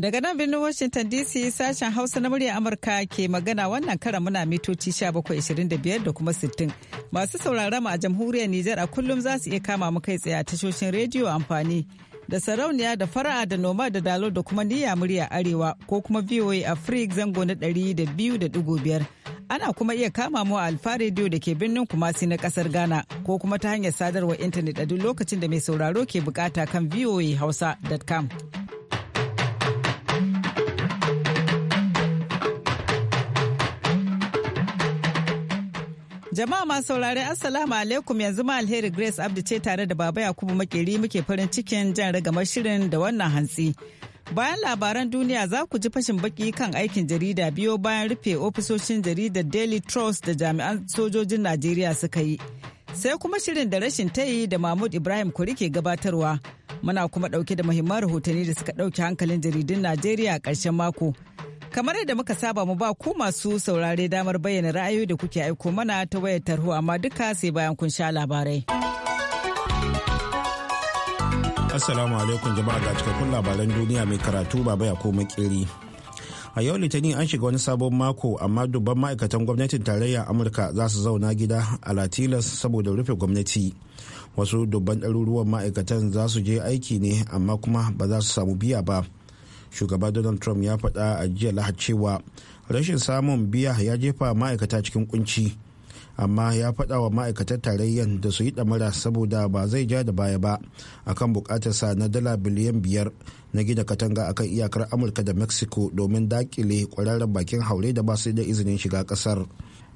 Daga nan birnin Washington DC sashen Hausa na murya Amurka ke magana wannan karan muna mitoci 1725 da kuma 60. Masu sauraron a jamhuriyar Nijar a kullum za su iya kama mu kai tsaye a tashoshin rediyo amfani da sarauniya da fara da noma da dalo da kuma niyya murya arewa ko kuma VOA Africa zango na biyar Ana kuma iya kama mu a alfa rediyo da ke birnin Kumasi na kasar Ghana ko kuma ta hanyar sadarwar intanet a duk lokacin da mai sauraro ke bukata kan voahausa.com. Jama'a masu saurare Assalamu alaikum yanzu ma alheri Grace Abdi ce tare da Baba Yakubu Makeri muke farin cikin jan ragamar shirin da wannan hantsi. Bayan labaran duniya za ku ji fashin baki kan aikin jarida biyo bayan rufe ofisoshin jaridar Daily Trust da jami'an sojojin Najeriya suka yi. Sai kuma shirin da rashin ta yi da Mahmud Ibrahim Kuri ke gabatarwa. Muna kuma ɗauke da muhimman rahotanni da suka ɗauke hankalin jaridun Najeriya a ƙarshen mako. Kamar yadda muka saba mu ba ku masu saurare damar bayyana ra'ayoyi da kuke aiko mana ta wayar tarho amma duka sai bayan kun sha labarai. Assalamu alaikum jama'a ga cikakkun labaran duniya mai karatu baba ya koma kiri. A yau litinin an shiga wani sabon mako amma dubban ma'aikatan gwamnatin tarayya Amurka za su zauna gida a Latilas saboda rufe gwamnati. Wasu dubban ɗaruruwan ma'aikatan za su je aiki ne amma kuma ba za su samu biya ba. shugaba donald trump ya faɗa a jiya lahad cewa rashin samun biya ya jefa ma'aikata cikin kunci amma ya faɗa wa maaikatar tarayyar da su yi ɗamara saboda ba zai ja da baya ba akan buƙatarsa na dala biliyan biyar na gina katanga a kan iyakar amurka da mexico domin dakile ƙwararren bakin haure da ba su da izinin shiga ƙasar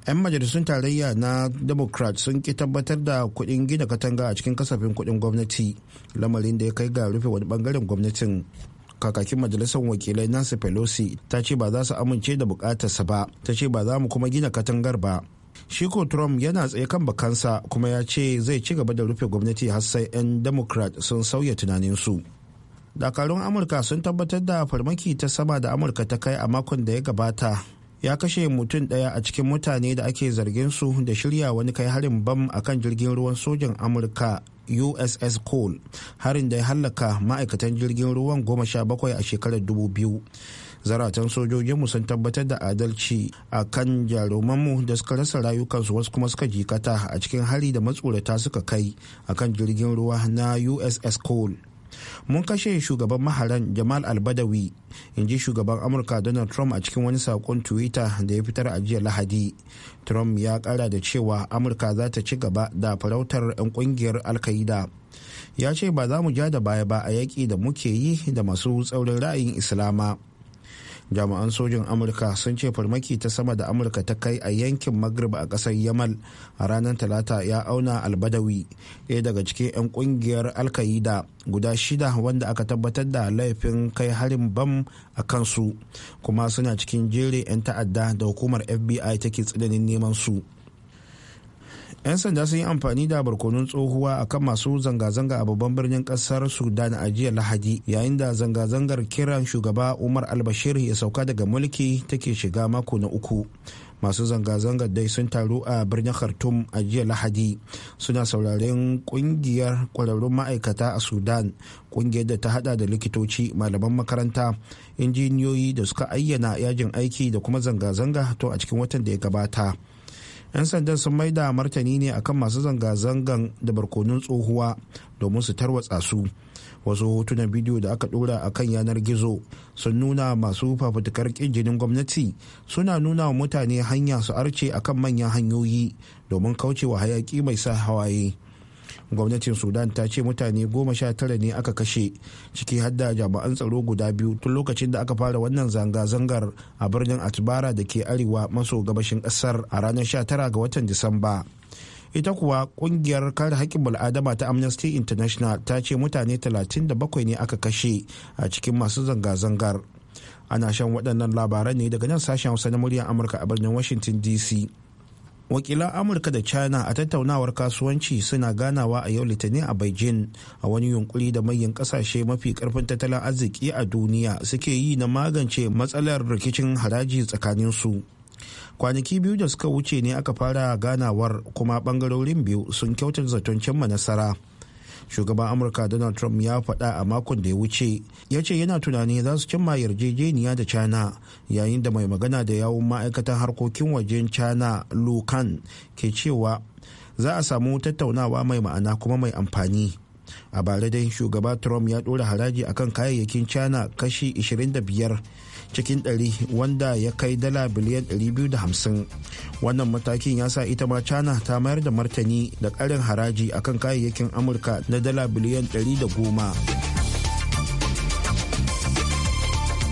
'yan majalisun tarayya na democrat sun ki tabbatar da kuɗin gina katanga a cikin kasafin kuɗin gwamnati lamarin da ya kai ga rufe wani bangaren gwamnatin kakakin majalisar wakilai nancy pelosi ta ce ba za su amince da bukatarsa ba ta ce ba za mu kuma gina katangar ba shi ko trump yana tsaye kan bakansa kuma ya ce zai ci gaba da rufe gwamnati har sai 'yan democrat sun sauya tunaninsu dakarun amurka sun tabbatar da farmaki ta sama da amurka ta kai a makon da ya gabata ya kashe mutum ɗaya a cikin mutane da ake zargin su da shirya wani kai harin bam akan jirgin ruwan sojan amurka uss cole harin da ya hallaka ma'aikatan jirgin ruwan goma sha bakwai a shekarar dubu biyu zaratan sojojinmu sun tabbatar da adalci a kan jarumanmu da suka rasa rayukansu wasu kuma suka jikata a cikin hari da matsorata suka kai a kan jirgin ruwa na uss cole mun kashe shugaban maharan jamal albadawi in ji shugaban amurka donald trump a cikin wani saƙon twitter da ya fitar a jiya lahadi trump ya kara da cewa amurka za ta ci gaba da farautar 'yan kungiyar alkaida ya ce ba za mu ja da baya ba a yaƙi da muke yi da masu tsaurin ra'ayin islama jami'an sojin amurka sun ce farmaki ta sama da amurka ta kai a yankin magrib a kasar yamal a ranar talata ya auna albadawi ɗaya daga cikin 'yan kungiyar alka'ida guda shida wanda aka tabbatar da laifin kai harin bam a kansu kuma suna cikin jere 'yan ta'adda da hukumar fbi take tsananin neman su 'yan sanda sun yi amfani da barkonun tsohuwa akan masu zanga-zanga a babban birnin kasar sudan a jiya lahadi yayin da zanga-zangar kiran shugaba umar albashir ya sauka daga mulki take shiga mako na uku masu zanga-zangar dai sun taru a birnin khartoum a jiya lahadi suna sauraren kungiyar kwararrun ma'aikata a sudan kungiyar da ta hada da likitoci malaman makaranta injiniyoyi da suka ayyana yajin aiki da kuma zanga-zanga to a cikin watan da ya gabata 'yan sandan sun mai da martani ne akan masu zanga-zangan da barkonun tsohuwa domin su tarwatsa su wasu hotunan bidiyo da aka dora a kan yanar gizo sun nuna masu fafutukar jinin gwamnati suna nuna wa mutane hanya su arce akan manyan hanyoyi domin kaucewa hayaki mai sa hawaye. gwamnatin sudan ta ce mutane goma sha tara ne aka kashe ciki har da jami'an tsaro guda biyu tun lokacin da aka fara wannan zanga-zangar a birnin atbara da ke arewa maso gabashin kasar a ranar sha tara ga watan disamba ita kuwa kungiyar kare haƙƙin bal'adama ta amnesty international ta ce mutane talatin da bakwai ne aka kashe a cikin masu zanga-zangar ana shan waɗannan labaran ne daga nan sashen hausa na muryar amurka a birnin washington dc wakilan amurka da china a tattaunawar kasuwanci suna ganawa a yau litinin a beijing a wani yunkuri da manyan kasashe mafi karfin tattalin arziki a duniya suke yi na magance matsalar rikicin haraji tsakaninsu kwanaki biyu da suka wuce ne aka fara ganawar kuma bangarorin biyu sun kyautar zaton cimma nasara shugaban amurka donald trump ya faɗa a makon da ya wuce ya ce yana tunanin za su cimma yarjejeniya da china yayin da mai magana da yawun ma'aikatan harkokin wajen china lokan ke cewa za a samu tattaunawa mai ma'ana kuma mai amfani a bara dai shugaba trump ya ɗora haraji akan kayayyakin china kashi 25 cikin ɗari wanda ya kai dala biliyan 250 wannan matakin ya sa ita ma china ta mayar da martani da karin haraji akan kayayyakin amurka na dala biliyan 110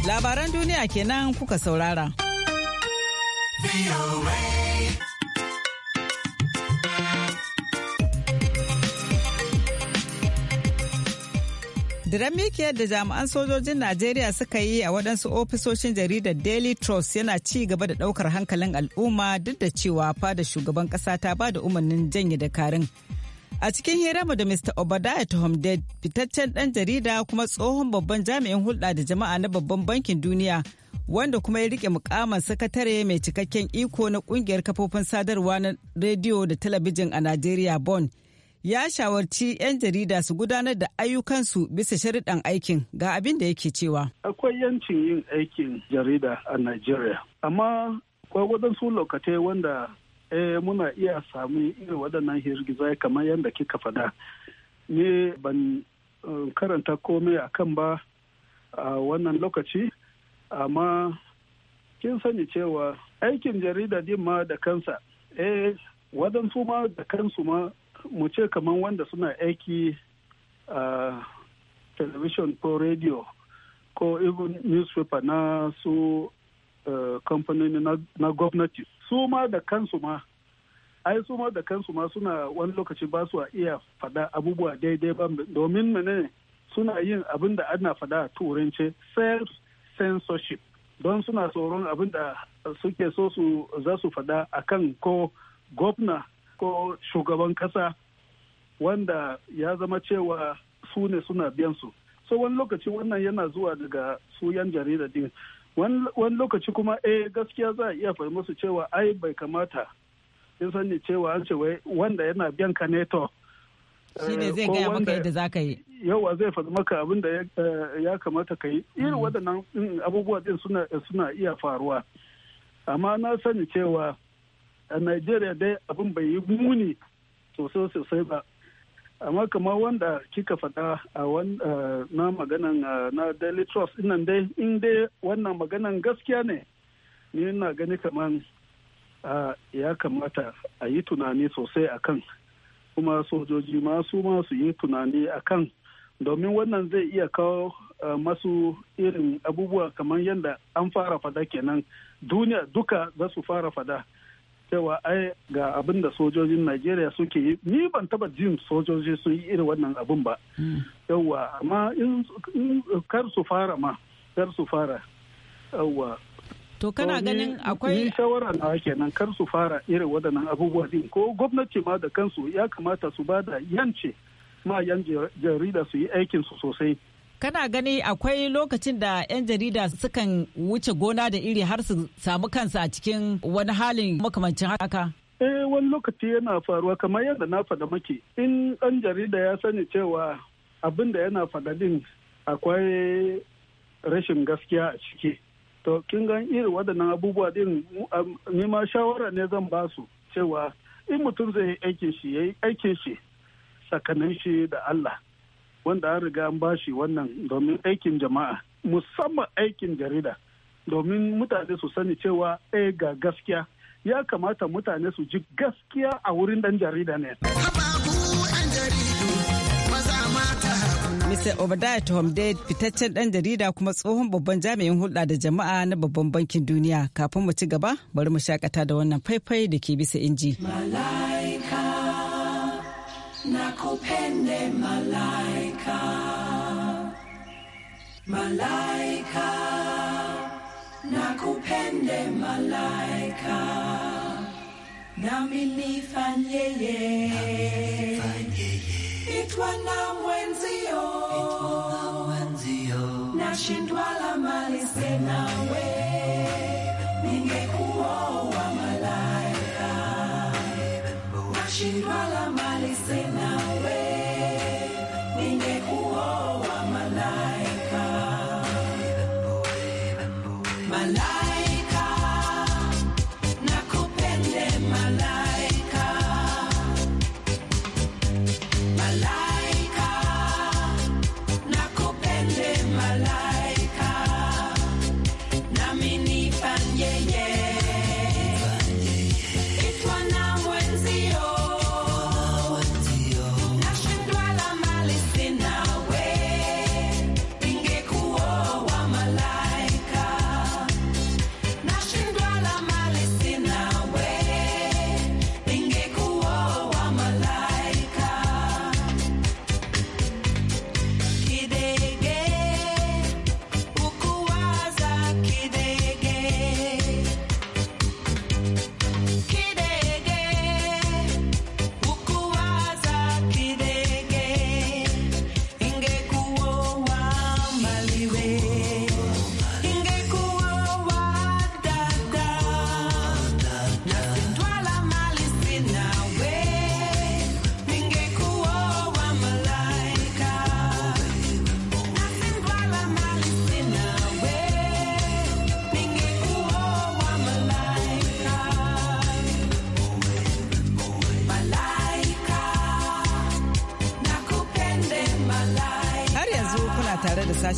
Labaran duniya kenan kuka saurara. Diran da jami'an sojojin Najeriya suka yi a waɗansu ofisoshin jaridar Daily Trust yana ci gaba da ɗaukar hankalin al'umma duk da cewa fada shugaban ƙasa ta ba da umarnin janye dakarun. A cikin mu da Mr. Obadiah Tohomded, fitaccen ɗan jarida kuma tsohon babban jami'in hulɗa da jama'a na babban bankin duniya, wanda kuma ya rike mukamin sakatare mai cikakken iko na ƙungiyar kafofin sadarwa na rediyo da talabijin a Najeriya Bon. ya shawarci 'yan jarida su gudanar da ayyukansu bisa sharuɗan aikin ga abin da yake cewa. Akwai yancin yin aikin jarida a Najeriya, amma akwai waɗansu lokacin wanda eh, muna iya sami irin waɗannan hirgiza kamar yadda kika faɗa. ne ban eh, karanta komai a kan ba a wannan lokaci, amma kin sani cewa aikin jarida din ma da kansa, eh, waɗansu ma da kansu ma mu ce kamar wanda suna aiki a television ko radio ko even newspaper na su eh, kamfani na gwamnati su ma da kansu ma ai su ma da kansu ma suna wani lokaci ba su iya fada abubuwa daidai ba domin mene suna yin abin da ana fada a turanci self censorship don suna tsoron abin da suke so su za su fada akan ko gwamna ko shugaban kasa wanda ya zama cewa su ne suna biyan su so wani lokaci wannan yana zuwa daga su yan jarida din wani lokaci kuma eh gaskiya za a iya fahimta cewa ai bai kamata in sani cewa an ce wanda yana biyan ka ne to eh, shi ne zai gaya maka yadda za ka yi yawa zai faɗi maka abin da ya eh, kamata ka yi irin mm. waɗannan mm, abubuwa din suna iya faruwa amma na sani cewa a Najeriya dai abin bai yi muni sosai sosai ba amma kamar wanda kika faɗa a na maganan na daily trust inan dai in dai wannan maganan gaskiya ne ni na gani kamar ya kamata a yi tunani sosai a kan kuma sojoji masu masu yi tunani a kan domin wannan zai iya kawo masu irin abubuwa kamar yadda an fara fada kenan duniya duka za su fara fada. cewa ai ga abin da sojojin najeriya suke yi ni ban taba jin sojoji sun yi irin wannan abin ba yawa amma in kar su fara ma kar su fara yawa to kana ganin akwai ni shawara na nan kar su fara irin wadannan abubuwa din ko gwamnati ma da kansu ya kamata su ba da yance ma yan jarida su yi aikin su sosai kana gani akwai lokacin da 'yan jarida sukan wuce gona da iri har su samu kansa a cikin wani halin makamancin haka eh wani lokaci yana faruwa kamar yadda na faɗa maki in ɗan jarida ya sani cewa abin da yana faɗa din akwai rashin gaskiya a ciki to kin gan irin waɗannan abubuwa din nima shawara ne zan ba su cewa in mutum zai yi aikin shi ya yi aikin shi tsakanin shi da Allah wanda an riga an bashi wannan domin aikin jama'a musamman aikin jarida domin mutane su sani cewa eh ga gaskiya ya kamata mutane su ji gaskiya a wurin dan jarida ne. Mr. Obadiah Tomde fitaccen ɗan jarida kuma tsohon babban jami'in hulɗa da jama'a na babban bankin duniya kafin mu ci gaba bari mu shakata da wannan faifai da ke bisa inji. Malaika, na kupende malaika. malaika, malaika, nakupende malaika, nami nifanyeye, itwa na mwenzio, nashindwa la mali sina wewe malaika, nashindwa la mali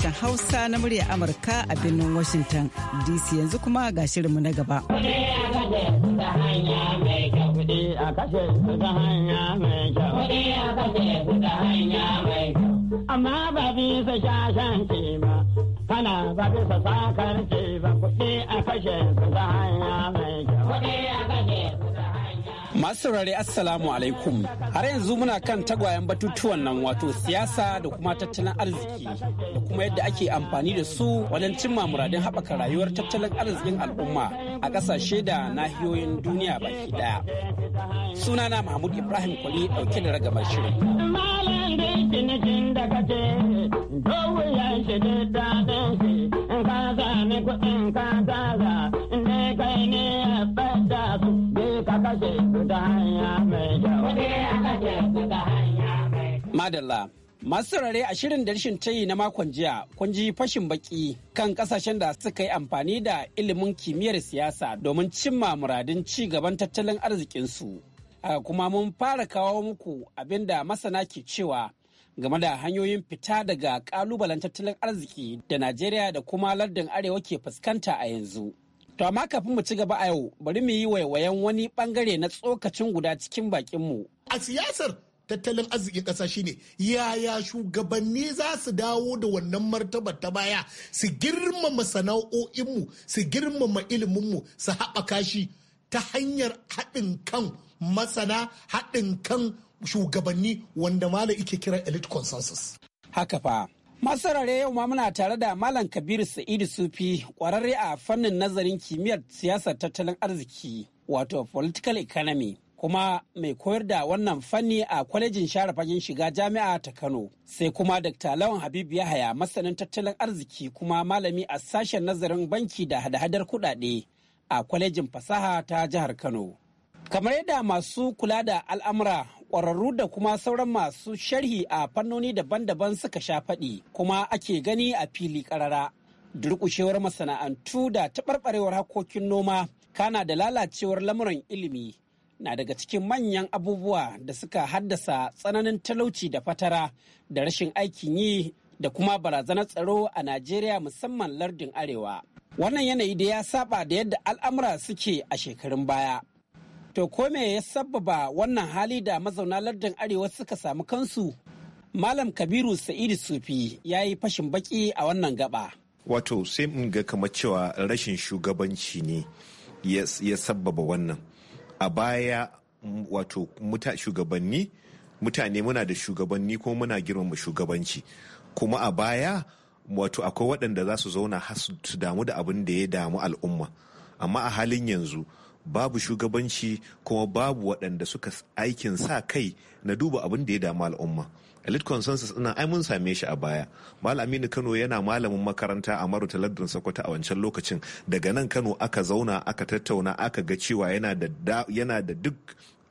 sashen Hausa na muryar Amurka a birnin Washington DC yanzu kuma ga shirinmu na gaba. Amma ba bisa shashen ke ba, kana ba bisa sakar ke ba, kuɗi a kashe su ta hanya mai kyau. Masu saurare Assalamu alaikum. Har yanzu muna kan tagwayen batutuwan nan wato siyasa da kuma tattalin arziki da kuma yadda ake amfani da su wajen cimma muradin haɓaka rayuwar tattalin arzikin al'umma a ƙasashe da nahiyoyin duniya baki ɗaya. Sunana Mahmud Ibrahim Kwali ɗauke da ragamar shirin. Malam Madalla. Masu saurare a shirin da rashin tayi na makon jiya kun ji fashin baki kan kasashen da suka yi amfani da ilimin kimiyyar siyasa domin cimma muradin ci gaban tattalin arzikinsu. Haka kuma mun fara kawo muku abinda masana ke cewa game da hanyoyin fita daga kalubalen tattalin arziki da Najeriya da kuma lardin Arewa ke fuskanta a yanzu. To amma kafin mu ci gaba a yau bari mu yi waiwayen wani bangare na tsokacin guda cikin mu A siyasar tattalin arzikin ƙasa shine yaya shugabanni za su dawo da wannan martabar ta baya su girmama sana'o'inmu su girmama iliminmu su haɓaka shi ta hanyar haɗin kan masana haɗin kan shugabanni wanda mala ike kira elite consensus. Haka fa masarare yau ma muna tare da malam kabiru sa'idu sufi kwararre a fannin nazarin kimiyyar siyasar tattalin arziki wato political economy kuma mai koyar da wannan fanni a kwalejin share fagen shiga jami'a ta kano sai kuma dr lawan habibu yahaya masanin tattalin arziki kuma malami a sashen nazarin banki da hada-hadar kudade a kwalejin fasaha ta jihar kano kamar yadda masu kula da al'amura Kwararru da kuma sauran masu sharhi a fannoni daban-daban suka sha faɗi kuma ake gani a fili ƙarara. Durƙushewar masana'antu da taɓarɓarewar hakokin noma kana da lalacewar lamuran ilimi na daga cikin manyan abubuwa da suka haddasa tsananin talauci da fatara da rashin aikin yi da kuma barazanar tsaro a Najeriya musamman lardin Arewa. Wannan yanayi da ya saba da yadda al'amura suke a shekarun baya. To ko me ya sabbaba wannan hali da mazauna lardin arewa suka samu kansu? Malam Kabiru Sa'idu Sufi ya yi fashin baki a wannan gaba. Wato sai in ga kamar cewa rashin shugabanci ne ya sabbaba wannan. A baya wato shugabanni mutane muna da shugabanni ko muna girmama shugabanci kuma a baya wato akwai waɗanda za su zauna su damu da abin da ya damu al'umma amma a halin yanzu babu shugabanci kuma babu waɗanda suka aikin sa kai na duba abin da ya dama al'umma elite consensus ina ai mun same shi a baya malaminu kano yana malamin makaranta a maru taladdin sokoto a wancan lokacin daga nan kano aka zauna aka tattauna aka ga cewa yana da duk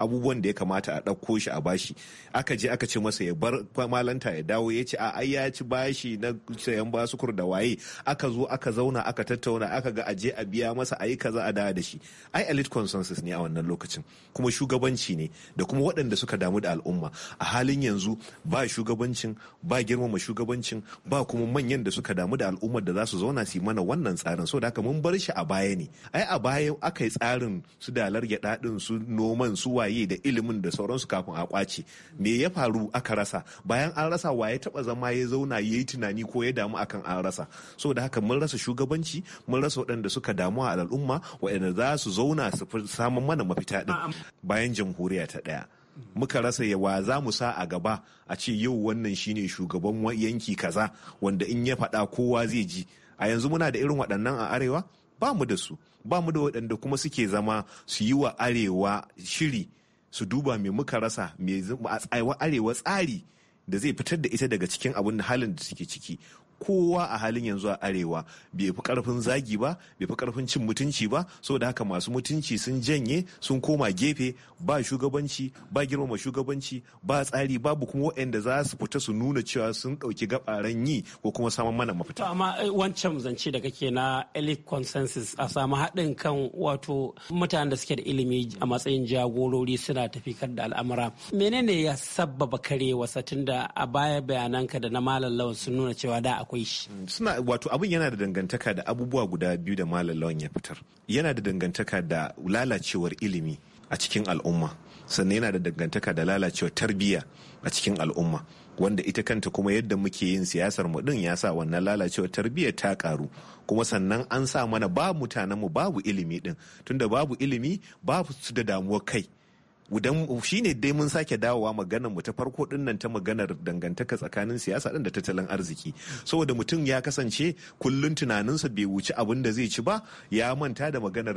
abubuwan da ya kamata a ɗauko shi a bashi aka je aka ce masa ya bar malanta ya dawo ya ce a ya ci bashi na sayan basukur da waye aka zo aka zauna aka tattauna aka ga aje a biya masa ayi kaza a dawo da shi ai elite consensus ne a wannan lokacin kuma shugabanci ne da kuma waɗanda suka damu da al'umma a halin yanzu ba shugabancin ba girmama shugabancin ba kuma manyan da suka damu da al'umma da za su zauna su mana wannan tsarin so da haka mun bar shi a baya ne ai a baya aka yi tsarin su dalar gyaɗaɗin ɗin su noman su waye yi da ilimin da sauransu kafin a kwace me ya faru aka rasa bayan an rasa wa ya taba zama ya zauna ya yi tunani ko ya damu akan an rasa so da haka mun rasa shugabanci mun rasa waɗanda suka damu a al'umma waɗanda za su zauna su samun mana mafita ɗin bayan jamhuriya ta ɗaya muka rasa yawa za mu sa a gaba a ce yau wannan shine shugaban yanki kaza wanda in ya faɗa kowa zai ji a yanzu muna da irin waɗannan a arewa ba mu da su ba mu da waɗanda kuma suke zama su yi wa arewa shiri su duba me muka rasa me a arewa tsari da zai fitar da ita daga cikin abin halin da suke ciki kowa a halin yanzu a arewa bai fi karfin zagi ba bai fi karfin cin mutunci ba saboda haka masu mutunci sun janye sun koma gefe ba shugabanci ba girmama shugabanci ba tsari babu kuma waɗanda za su fita su nuna cewa sun ɗauki gabaran yi ko kuma samun mana mafita amma eh, wancan zance da kake na elite consensus a samu haɗin kan wato mutanen da suke da ilimi a matsayin jagorori suna tafi kar da al'amura menene ya sabbaba karewa satin da a baya bayananka da na malam lawan sun nuna cewa da akwai shi mm, suna wato abin yana da dangantaka da abubuwa guda biyu da malam lawan ya fitar yana da dangantaka da lalacewar ilimi a cikin al'umma sannan yana da dangantaka da lalacewar tarbiyya a cikin al'umma wanda ita kanta kuma yadda muke yin siyasar mu din ya sa wannan lalacewar tarbiyya ta karu kuma sannan an sa mana ba mutanenmu babu ilimi din tunda babu ilimi babu su da damuwar kai shi ne dai mun sake dawowa maganar mu ta farko din ta maganar dangantaka tsakanin siyasa din da tattalin arziki saboda mutum ya kasance kullun tunaninsa bai wuci abin da zai ci ba ya manta da maganar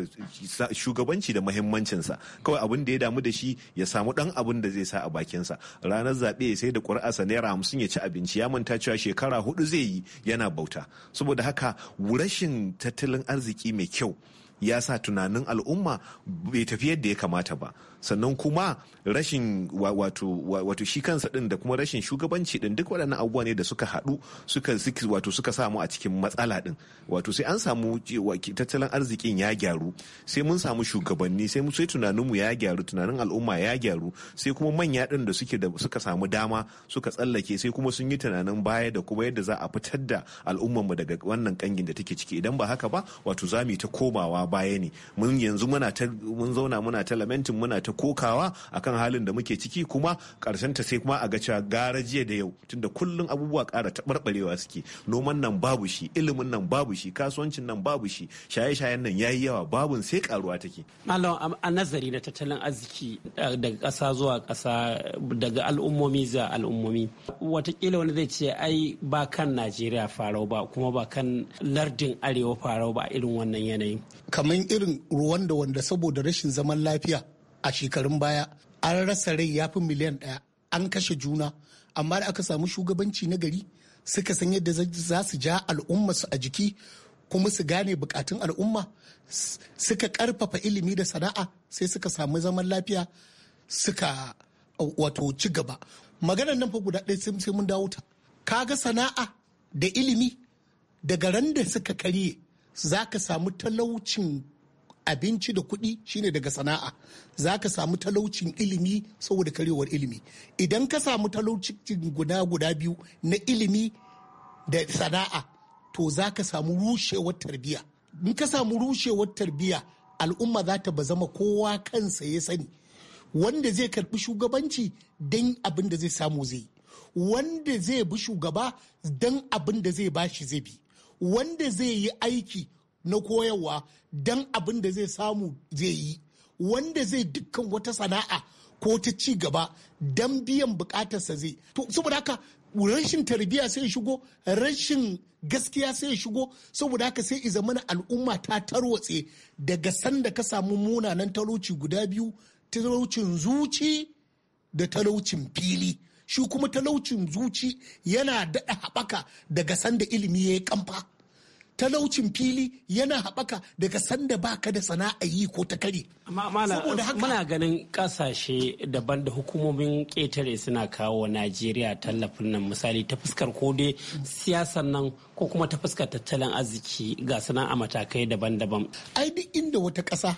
shugabanci da muhimmancinsa kawai abin da ya damu da shi ya samu dan abin da zai sa a bakinsa ranar zaɓe ya sai da kuri'arsa naira hamsin ya ci abinci ya manta cewa shekara hudu zai yi yana bauta saboda haka rashin tattalin arziki mai kyau ya sa tunanin al'umma bai tafi yadda ya kamata ba sannan kuma rashin wato shi kansa din da kuma rashin shugabanci din duk waɗannan abubuwa ne da suka haɗu suka wato suka samu a cikin matsala din wato sai an samu tattalin arzikin ya gyaru sai mun samu shugabanni sai sai mu ya gyaru tunanin al'umma ya gyaru sai kuma manya din da suke da suka samu dama suka tsallake sai kuma sun yi tunanin baya da kuma yadda za a fitar da mu daga wannan kangin da take ciki idan ba haka ba wato za mu ta komawa baya ne mun yanzu muna ta mun zauna muna ta lamentin muna ta kokawa a kan halin da muke ciki kuma karshen ta sai kuma a ga cewa gara jiya da yau tunda kullum abubuwa ƙara taɓarɓarewa suke noman nan babu shi ilimin nan babu shi kasuwancin nan babu shi shaye-shayen nan yayi yawa babun sai karuwa take malam a nazari na tattalin arziki eh, daga ƙasa zuwa ƙasa daga al'ummomi zuwa al'ummomi watakila wani zai ce ai ba kan najeriya farau ba kuma ba kan lardin arewa farau ba irin wannan yanayin kamar irin ruwan da wanda saboda rashin zaman lafiya a shekarun baya an rasa rai ya fi miliyan ɗaya an kashe juna amma da aka samu shugabanci na gari suka san yadda za su ja al'umma su a jiki kuma su gane bukatun al'umma suka karfafa ilimi da sana'a sai suka samu zaman lafiya suka wato ci gaba maganar nan fa guda ɗaya sai mun dawo ta kaga sana'a da ilimi daga ran da suka karye za ka samu talaucin abinci da kuɗi shine daga sana'a za ka samu talaucin ilimi saboda karewar ilimi idan ka samu talaucin guda guda biyu na ilimi da sana'a to za ka samu rushewar tarbiyya in ka samu rushewar tarbiyya al'umma za ta bazama kowa kansa ya sani wanda zai karbi shugabanci don abin da zai samu zai wanda zai bi shugaba don abin da zai bashi zai bi wanda zai yi aiki na koyarwa don abin da zai samu zai yi wanda zai dukkan wata sana'a ko ta ci gaba don biyan bukatarsa zai to saboda haka rashin tarbiyya sai shigo rashin gaskiya sai shigo saboda haka sai izamana al'umma ta tarwatse daga sanda ka samu munanan talauci guda biyu talaucin zuci da talaucin fili shi kuma talaucin zuci yana daɗa haɓaka daga sanda ilimi ya yi kamfa talaucin fili yana haɓaka daga sanda baka da sana'a yi ko ta kare. Muna ganin ƙasashe daban da hukumomin ƙetare suna kawo Najeriya tallafin nan misali ta fuskar dai siyasar nan ko kuma ta fuskar tattalin arziki ga sana'a matakai daban-daban. Ai duk inda wata ƙasa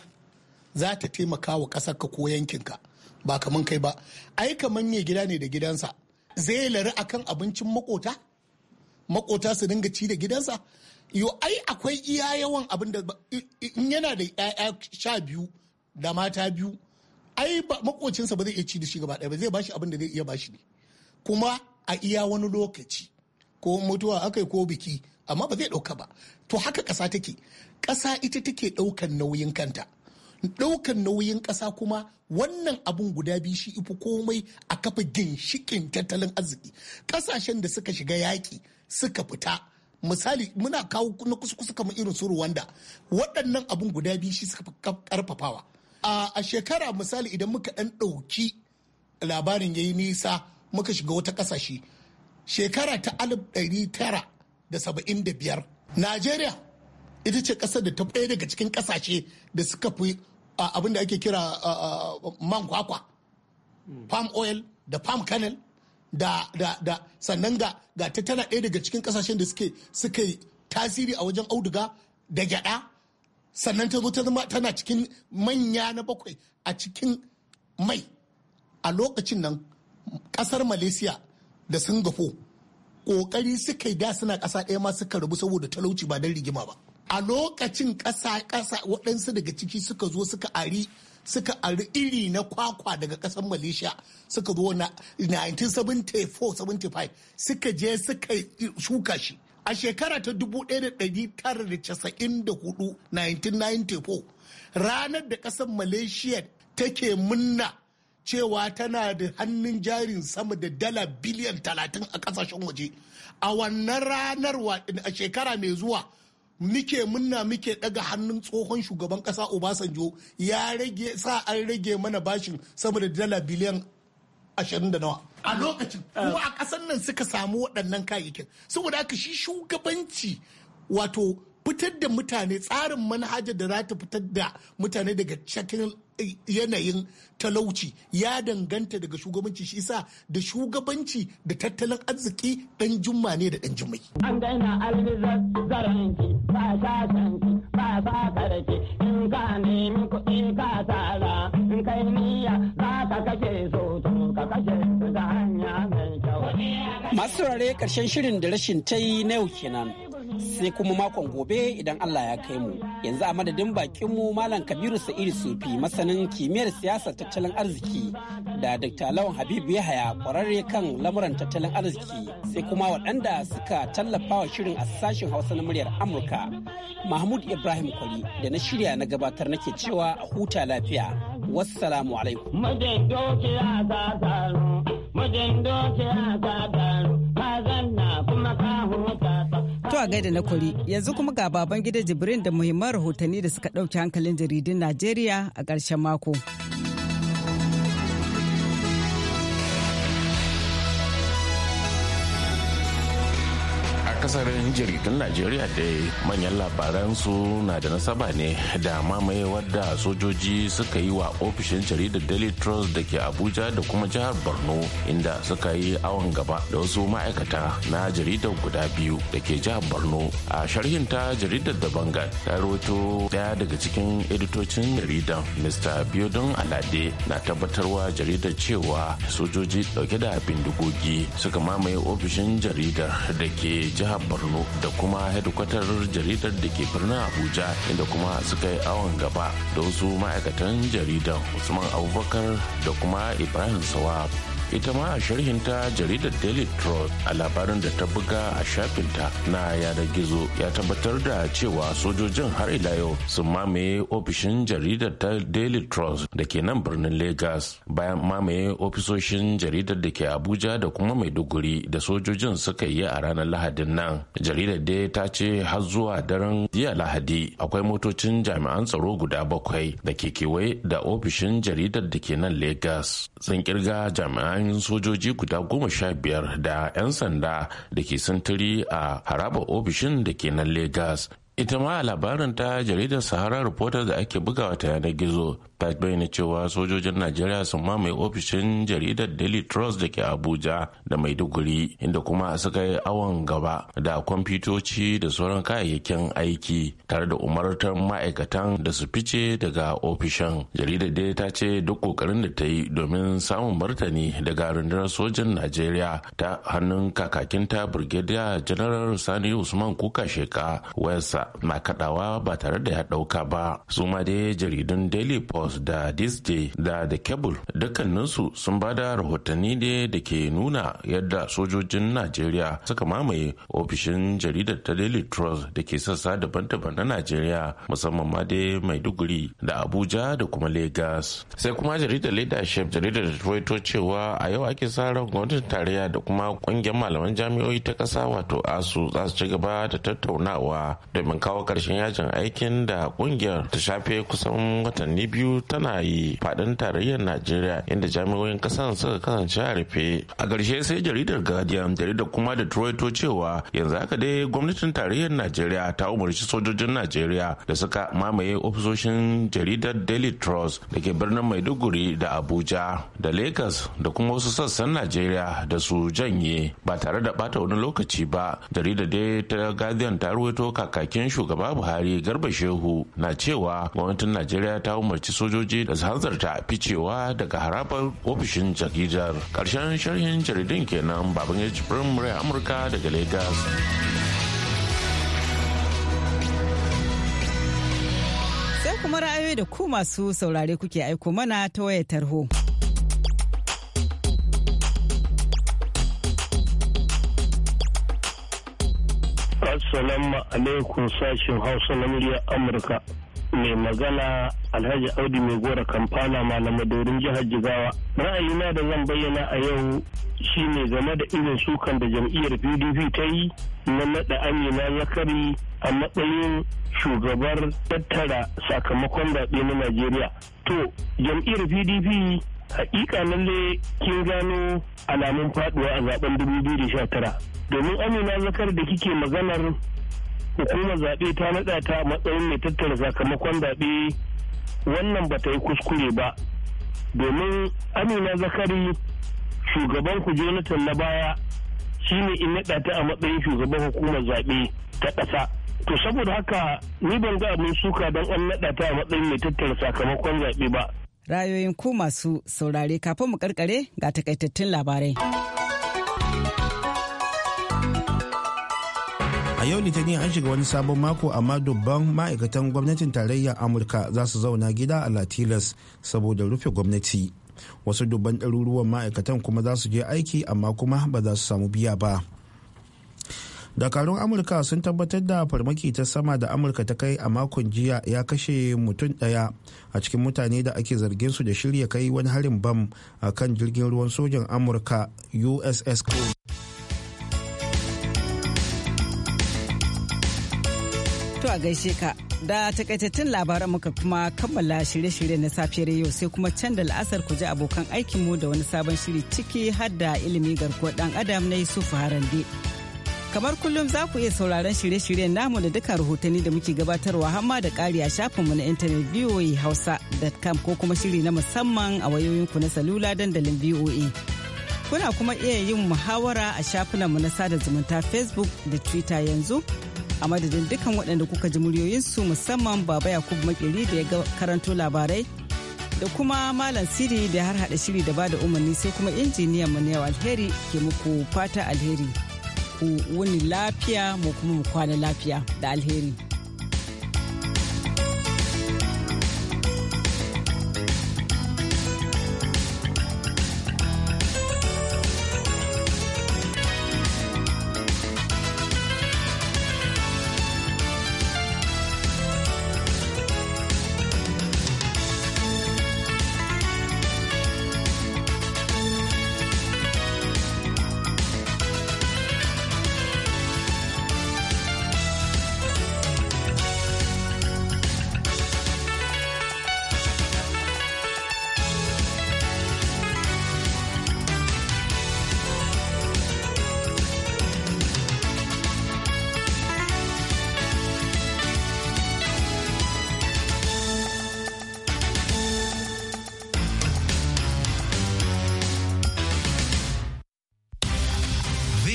za ta taimaka wa ƙasar ka ko yankin ka ba kaman kai ba. Ai kaman mai gida ne da gidansa zai lari akan abincin makota? Makota su dinga ci da gidansa? yo ai akwai iya yawan abin da in yana da 'ya'ya sha biyu da mata biyu ai makocinsa ba zai iya ci da shi gaba ɗaya ba zai bashi abin da zai iya bashi ne kuma a iya wani lokaci ko mutuwa aka yi ko biki amma ba zai ɗauka ba to haka ƙasa take ƙasa ita take ɗaukan nauyin kanta ɗaukan nauyin ƙasa kuma wannan abun guda biyu shi ifi komai a kafa ginshiƙin tattalin arziki ƙasashen da suka shiga yaƙi suka fita misali muna kawo na kusa-kusa kamar irin su Rwanda waɗannan abun guda biyu shi suka karfafawa a shekara misali idan muka ɗan ɗauki labarin ya yi nisa muka shiga wata ƙasashe shekara ta alif ɗari tara da saba'in da biyar Najeriya ita ce ƙasar da ta ɗaya daga cikin ƙasashe da suka fi abin da ake kira man kwakwa palm oil da palm kernel da da da sannan ga ga ta tana ɗaya daga cikin kasashen da suke suka tasiri a wajen auduga da gyada sannan ta zo ta zama tana cikin manya na bakwai a cikin mai a lokacin nan ƙasar malaysia da singapore ƙoƙari suka yi da suna ƙasa ɗaya ma suka rabu saboda talauci ba don rigima ba a lokacin ƙasa ƙasa waɗansu daga ciki suka zo suka ari suka ari iri na kwakwa daga ƙasar malaysia suka zo na 1974-75 suka je suka shuka shi a shekara ta 1994 1994 ranar da ƙasar malaysia take munna cewa tana da hannun jarin sama da dala biliyan 30 a kasashen waje a wannan ranar a shekara mai zuwa muke munna muke daga hannun tsohon shugaban kasa obasanjo ya rage sa an rage mana bashin sama da dala biliyan ashirin da nawa a lokacin kuma a kasan nan suka samu waɗannan kayayyakin saboda haka shi shugabanci wato fitar da mutane tsarin manhajar da za ta fitar da mutane daga cikin yanayin talauci ya danganta daga shugabanci shi sa da shugabanci da tattalin arziki dan jumma ne da dan jummai. An daina almizar zaranki ba Masu saurare karshen shirin da rashin ta yi na yau kenan. sai kuma makon gobe idan Allah ya kai mu. Yanzu a madadin bakinmu Malam Kabiru Sa'idu Sufi masanin kimiyyar siyasar tattalin arziki da Dr. Lawan Habibu Yahaya kwararre kan lamuran tattalin arziki sai kuma waɗanda suka tallafa wa shirin a sashen Hausa na muryar Amurka. Mahmud Ibrahim Kwari da na shirya na gabatar nake cewa a huta lafiya. Wassalamu alaikum. Mijin dokiya ta taru, dokiya ta taru, ka zanna kuma ka huta To a gaida na kuri yanzu kuma ga baban gida jibrin da muhimman rahotanni da suka ɗauki hankalin jaridun Najeriya a ƙarshen mako. kasarin jaridun najeriya da manyan su na da nasaba ne da mamayewar da sojoji suka yi wa ofishin jaridar daily trust da ke abuja da kuma jihar borno inda suka yi awon gaba da wasu ma'aikata na jaridar guda biyu da ke jihar borno a sharhin ta jaridar da bangal ta roto daya daga cikin editocin jaridar mr biodun alade na tabbatarwa jaridar cewa sojoji dauke da bindigogi suka mamaye ofishin jaridar da ke jihar jihar borno da kuma hedikwatar jaridar da ke birnin abuja inda kuma suka yi awon gaba da wasu ma'aikatan jaridar usman abubakar da kuma ibrahim sawab ita ma a sharhinta jaridar daily trust a labarin da ta buga a shafinta na yada gizo ya tabbatar da cewa sojojin har ila yau sun mamaye ofishin jaridar ta daily trust da ke nan birnin lagos bayan mamaye ofisoshin jaridar da ke abuja da kuma maiduguri da sojojin suka yi a ranar lahadin nan jaridar dai ta ce har zuwa daren jiya lahadi akwai motocin jami'an tsaro guda bakwai da ke kewaye da ofishin jaridar da ke nan lagos sun kirga jami'an jami'an sojoji guda goma sha biyar da 'yan sanda da ke sintiri a haraba ofishin da ke nan Legas ita ma a labarin ta jaridar sahara reporter da ake bugawa ta yanar gizo ta bayyana cewa sojojin najeriya sun mamaye ofishin jaridar daily trust da ke abuja da maiduguri inda kuma suka yi awon gaba da kwamfutoci da sauran kayayyakin aiki tare da umartar ma'aikatan da su fice daga ofishin jaridar dai ta ce duk kokarin da ta yi domin samun martani daga rundunar sojin najeriya ta hannun kakakinta brigadier general sani usman kuka sheka wayarsa na kadawa ba tare da ya dauka ba su ma dai jaridun daily post da disney da the cable dukkaninsu sun ba da rahotanni ne da ke nuna yadda sojojin najeriya suka mamaye ofishin jaridar ta daily trust da ke sassa daban-daban na najeriya musamman ma dai duguri da abuja da kuma lagos sai kuma jaridar leadership jaridar da ruwaito cewa a yau ake sa ran gwamnatin tarayya da kuma kungiyar malaman jami'o'i ta kasa wato asu za su ci gaba da tattaunawa domin domin kawo ƙarshen yajin aikin da ƙungiyar ta shafe kusan watanni biyu tana yi faɗin tarayyar najeriya inda jami'oyin ƙasar suka kasance a rufe a ƙarshe sai jaridar guardian jaridar kuma da to cewa yanzu haka dai gwamnatin tarayyar najeriya ta umarci sojojin najeriya da suka mamaye ofisoshin jaridar daily trust da ke birnin maiduguri da abuja da lagos da kuma wasu sassan najeriya da su janye ba tare da bata wani lokaci ba jaridar dai ta guardian ta ruwaito kakakin hadimin shugaba buhari garba shehu na cewa gwamnatin najeriya ta umarci sojoji da su hanzarta ficewa daga harabar ofishin jaridar karshen sharhin jaridun kenan baban ya amurka daga lagos sai kuma ra'ayoyi da ku masu saurare kuke aiko mana ta wayar tarho. Assalamu alaikum Sashen Hausa na muryar Amurka. Mai magana Alhaji Audu mai gora kamfana malamadorin jihar Jigawa. Ra'ayina da zan bayyana a yau shine game da irin sukan da jam'iyyar PDP ta yi na naɗa Amina Zakari a matsayin shugabar tattara sakamakon zaɓe na Najeriya. To, jam'iyyar PDP hakika lalle kin gano alamun faduwa a zaben 2019 domin amina zakar da kike maganar hukumar zaɓe ta naɗa ta matsayin mai tattara sakamakon zaɓe wannan ba ta yi kuskure ba domin amina zakari shugaban ku jonathan na baya shi ne in naɗa ta a matsayin shugaban hukumar zaɓe ta ƙasa to saboda haka ni ban ga abin suka don an naɗa ta a matsayin mai tattara sakamakon zaɓe ba rayoyin ku masu saurare kafin mu karkare ga takaitattun labarai. A yau litinin an shiga wani sabon mako amma dubban ma'aikatan gwamnatin tarayyar Amurka za su zauna gida a Latilas saboda rufe gwamnati. Wasu dubban ɗaruruwan ma'aikatan kuma za su je aiki amma kuma ba za su samu biya ba. dakarun amurka sun tabbatar da farmaki ta sama da amurka ta kai a makon jiya ya kashe mutum daya a cikin mutane da ake zargin su da shirya kai wani harin bam a kan jirgin ruwan sojan amurka uss cole to a gaishe ka da takaitattun labaran muka kuma kammala shirye-shirye na safiyar yau sai kuma can da la'asar ku ji abokan aikinmu da wani sabon shiri ciki har ilimi garkuwar dan adam na yusuf harande Kamar kullum za ku iya sauraron shirye-shiryen namu da duka rahotanni da muke gabatarwa hamma da ƙari a shafinmu na intanet VOA Hausa.com ko kuma shiri na musamman a wayoyinku na salula dandalin VOA. Kuna kuma iya yin muhawara a shafinanmu na sada zumunta Facebook da Twitter yanzu. a madadin dukkan waɗanda kuka ji su musamman baba yakubu makeri da ya karanto labarai da kuma malam siri da har haɗa shiri da ba da umarni sai kuma injiniyan mu ne alheri ke muku fata alheri. ku wuni lafiya mu kuma mu kwana lafiya da alheri.